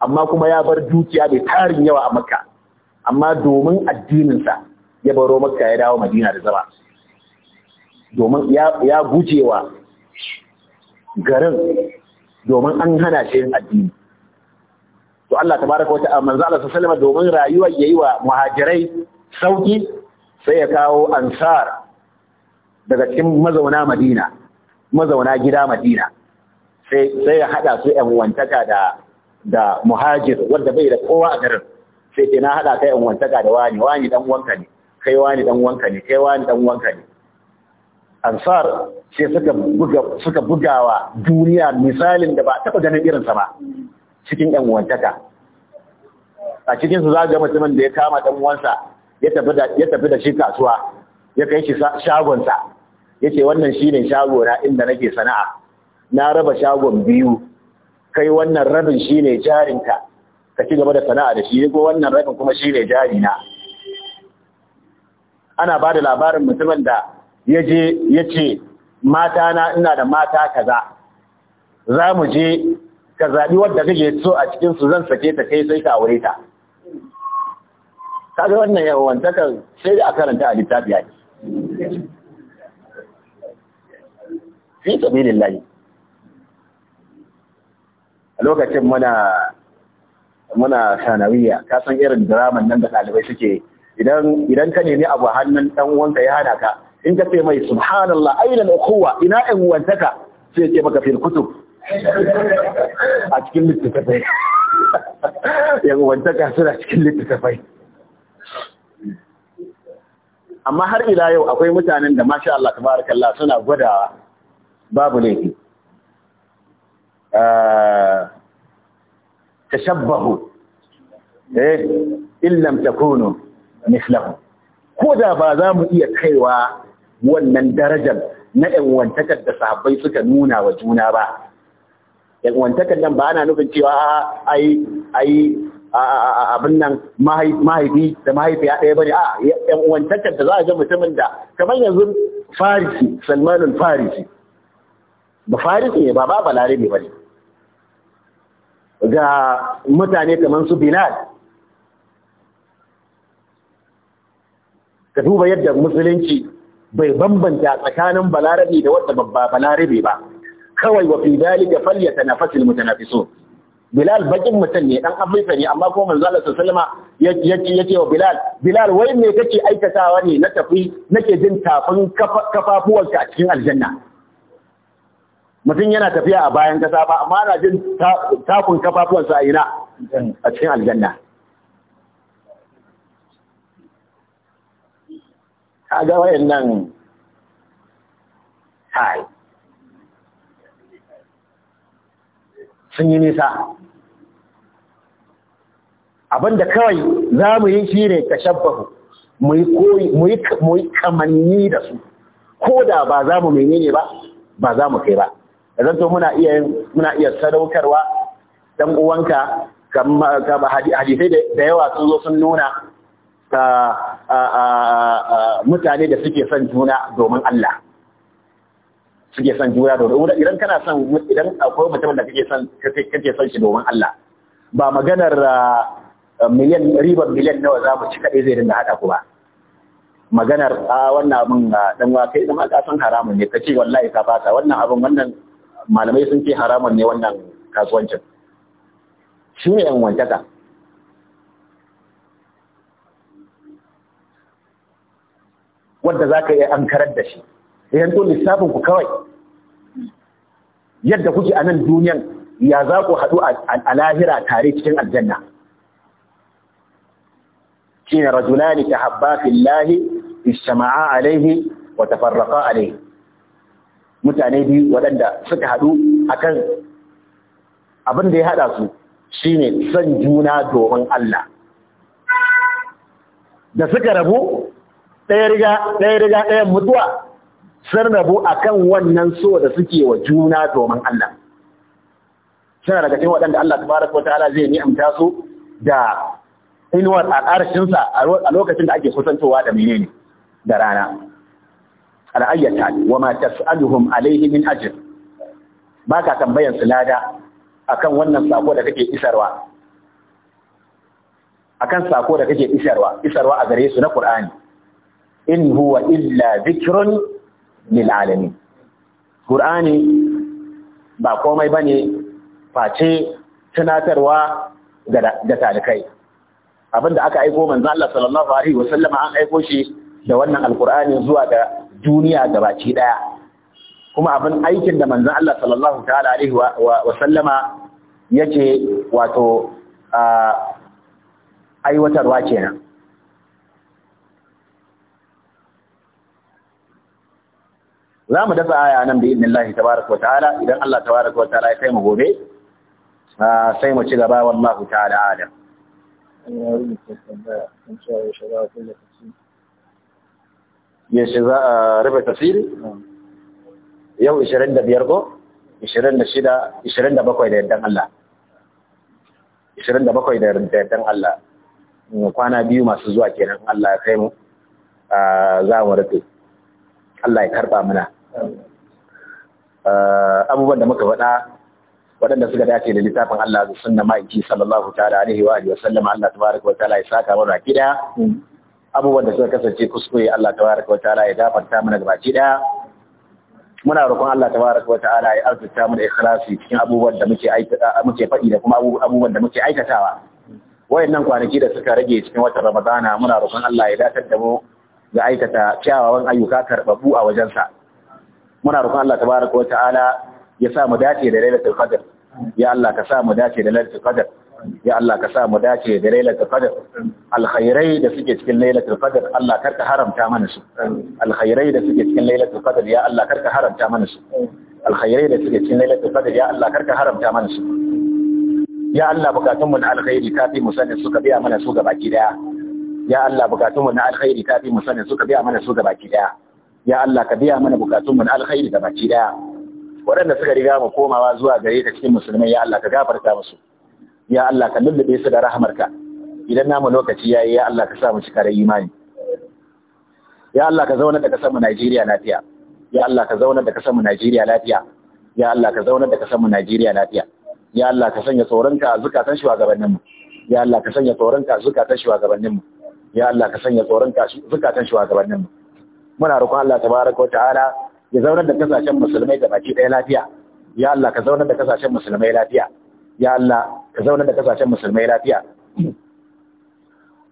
amma kuma ya bar dukiya mai tarin yawa a makka amma domin addininsa ya baro makka ya dawo madina da zama domin ya gujewa garin domin an hana shi yin addini to Allah tabaraka wata manzo Allah sallama domin rayuwar yayi wa muhajirai sauki sai ya kawo ansar daga cikin mazauna Madina mazauna gida madina sai ya haɗa su ɗan wantaka da muhajir wanda bai da kowa a garin sai ke na haɗa kai ɗan wantaka da wani wani ɗan wanka ne kai wani ɗan wanka ne kai wani ɗan wanka ne ansar sai suka bugawa duniya misalin da ba taba ganin irin sa ba cikin ɗan wantaka a cikinsu za ga mutumin da ya kama ɗan wansa ya tafi da shi kasuwa ya kai shi shagonsa Ya ce wannan shi shago na inda nake sana'a na raba shagon biyu kai wannan rabin shi ne jarinka ka ci gaba da sana'a da shi ko wannan rabin kuma shi jari na ana ba da labarin mutumin da ya ce, mata na ina da mata kaza za mu je ka zaɓi wadda kake so a cikin su zan sake ta kai sai ka aure ta kaga wannan yawan takan sai a karanta a littafi ake fi layi a lokacin muna muna sanawiya ka san irin draman nan da ɗalibai suke idan ka nemi abu hannun ɗan uwanka ya hana ka in ka mai subhanallah ainihin al ina in wantaka sai ce maka fil a cikin littattafai yan wantaka suna cikin littattafai amma har ila yau akwai mutanen da masha Allah tabarakallah suna gwadawa babu laifi ah, tashabbahu eh illam takunu mislahu ko da ba za mu iya kaiwa wannan darajar na ɗanwantakar da sahabbai suka nuna wa juna ba ɗanwantakar nan ba ana nufin cewa ai ai abin nan mahaifi da mahaifiya ɗaya bane a ɗanwantakar da za a ga mutumin da kamar yanzu farisi salmanin farisi ba Faris ne ba ba balarabe ba ne ga mutane kamar su bilal ka duba yadda musulunci bai bambanta tsakanin balarabe da wadda babba balarabe ba kawai wa fi dalika falyata nafasil mutanafisun Bilal bakin mutum ne dan Afirka ne amma kuma manzo Allah sallama ya ce wa Bilal Bilal wai me kake aikatawa ne na tafi nake jin tafin kafafuwanka a cikin aljanna mutum yana tafiya a bayan kasa ba amma ana jin takun kafafuwansa a ina a cikin aljanna kaga wayan nan hai sun yi nisa abinda kawai za mu yi shi ne ka shabbahu mu yi kamanni da su ko da ba za mu menene ba ba za mu kai ba da zanto muna iya muna iya sadaukarwa dan uwanka kama hadisai da yawa sun zo sun nuna mutane da suke son juna domin Allah suke son juna domin idan kana son idan akwai mutumin da kake son kake son shi domin Allah ba maganar miliyan ribar miliyan nawa za mu ci kaɗai zai dinga haɗa ku ba maganar a wannan abin dan wa kai dan ka san haramun ne kace wallahi ka fata wannan abin wannan malamai sun ce haramun ne wannan kasuwancin shi ne yan wantaka wadda za ka yi an karar da shi yan to ku kawai yadda kuke a nan duniyan ya za ku haɗu a lahira tare cikin aljanna shi ne rajulani ta habba fillahi ishama'a alaihi wa Farrafa alaihi mutane biyu waɗanda suka haɗu a kan abin da ya haɗa su shi ne son juna domin Allah da suka rabu ɗaya riga ɗayan mutuwa sun rabu a kan wannan so da suke wa juna domin Allah suna daga cikin waɗanda Allah ta tabaraka ala zai ni'amta su da inuwar a ƙarshinsa a lokacin da ake kusantowa da menene da rana al'ayyata wa ma tas'aluhum alaihi min ajr ba ka tambayar su lada akan wannan sako da kake isarwa akan sako da kake isarwa isarwa a gare su na Qur'ani in huwa illa dhikrun lil alamin Qur'ani ba komai bane face tunatarwa ga talikai abinda aka aiko manzo Allah sallallahu alaihi wasallama an aiko shi da wannan alqur'ani zuwa ga duniya gabaci daya kuma abin aikin da manzon Allah sallallahu ta'ala alaihi wa sallama yace wato aiwatarwa kenan za mu dasa aya nan da idin Allah tabaaraka wa ta'ala idan Allah tabaaraka wa ta'ala ya kai mu gobe sai mu ci gaba wallahu ta'ala adam yaushe za a rufe tafsiri yau 25 ko 26 27 da yardan Allah 27 da yardan Allah mm, kwana biyu masu zuwa kenan Allah ya kai mu ah, za mu rufe Allah ya karba muna ah, abubuwan da muka faɗa waɗanda suka dace da littafin Allah da sunna ma'aiki sallallahu ta'ala alaihi wa alihi wa sallama Allah tabaraka wa ta'ala ya saka mana kida abubuwan da suka kasance kuskure Allah tabaraka wa ta'ala ya gafarta mana gabaki daya muna roƙon Allah tabaraka wa ta'ala ya arzuta mu da ikhlasi cikin abubuwan da muke aikata muke faɗi da kuma abubuwan da muke aikatawa wayannan kwanaki da suka rage cikin watan Ramadana muna roƙon Allah ya datar da mu ga aikata kyawawan ayyuka karbabu a wajensa muna roƙon Allah tabaraka wa ta'ala ya sa mu dace da lailatul qadr ya Allah ka sa mu dace da lailatul qadr ya Allah ka sa mu dace da lailatul qadr alkhairai da suke cikin lailatul qadr Allah kar ka haramta mana su alkhairai da suke cikin lailatul qadr ya Allah kar ka haramta mana su alkhairai da suke cikin lailatul qadr ya Allah kar ka haramta mana su ya Allah bukatun mu na alkhairi kafi mu sanin suka biya mana su ga baki daya ya Allah bukatun mu na alkhairi kafi mu sanin suka biya mana su ga baki daya ya Allah ka biya mana bukatun mu na alkhairi baki daya waɗanda suka riga mu komawa zuwa gare ka cikin musulmai ya Allah ka gafarta musu ya Allah ka lullube su da rahamarka idan namu lokaci yayi ya Allah ka sa mu cika imani ya Allah ka zauna da kasar mu Najeriya lafiya ya Allah ka zauna da kasar mu Najeriya lafiya ya Allah ka zauna da kasar mu Najeriya lafiya ya Allah ka sanya tsoronka shi wa gabanin mu ya Allah ka sanya tsoronka shi wa gabanin mu ya Allah ka sanya tsoronka shi wa gabanin mu muna roƙon Allah tabaraka wa ta'ala ya zauna da kasashen musulmai da baki ɗaya lafiya ya Allah ka zauna da kasashen musulmai lafiya ya Allah ka zauna da kasashen musulmai lafiya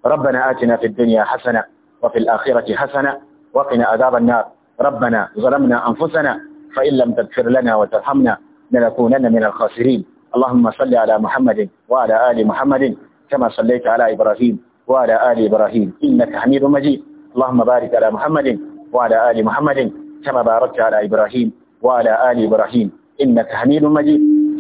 ربنا آتنا في الدنيا حسنة وفي الآخرة حسنة وقنا عذاب النار ربنا ظلمنا أنفسنا فإن لم تغفر لنا وترحمنا لنكونن من الخاسرين اللهم صل على محمد وعلى آل محمد كما صليت على إبراهيم وعلى آل إبراهيم إنك حميد مجيد اللهم بارك على محمد وعلى آل محمد كما باركت على إبراهيم وعلى آل إبراهيم إنك حميد مجيد